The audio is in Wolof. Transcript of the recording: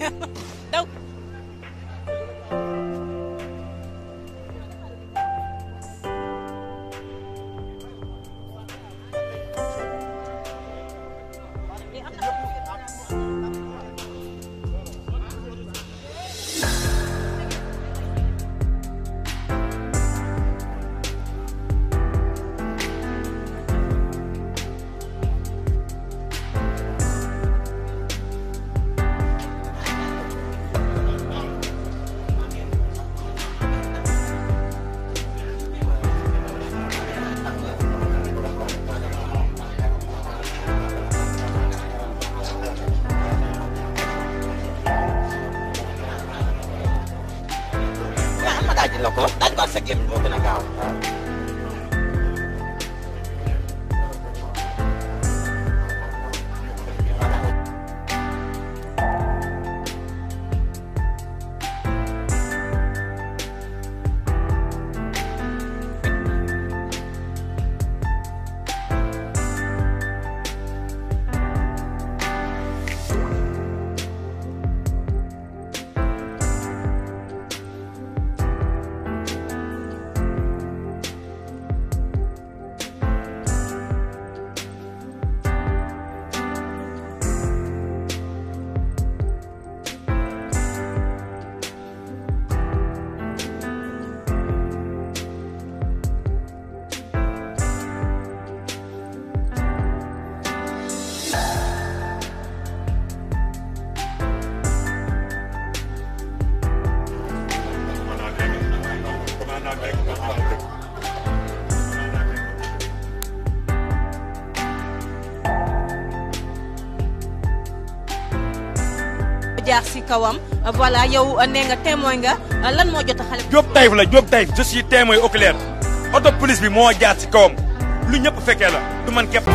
rồi đâu Yeah. la ko daj ko ak sa gémmiñ moo gën a gaaw jaar si kawam voilà yow euh, nee nga témoin nga euh, lan moo jot a xale. Diop Taïf la Diop Taïf je suis témoin oculaire oto police bi moo jaar si kawam lu ñëpp fekkee la du man képp.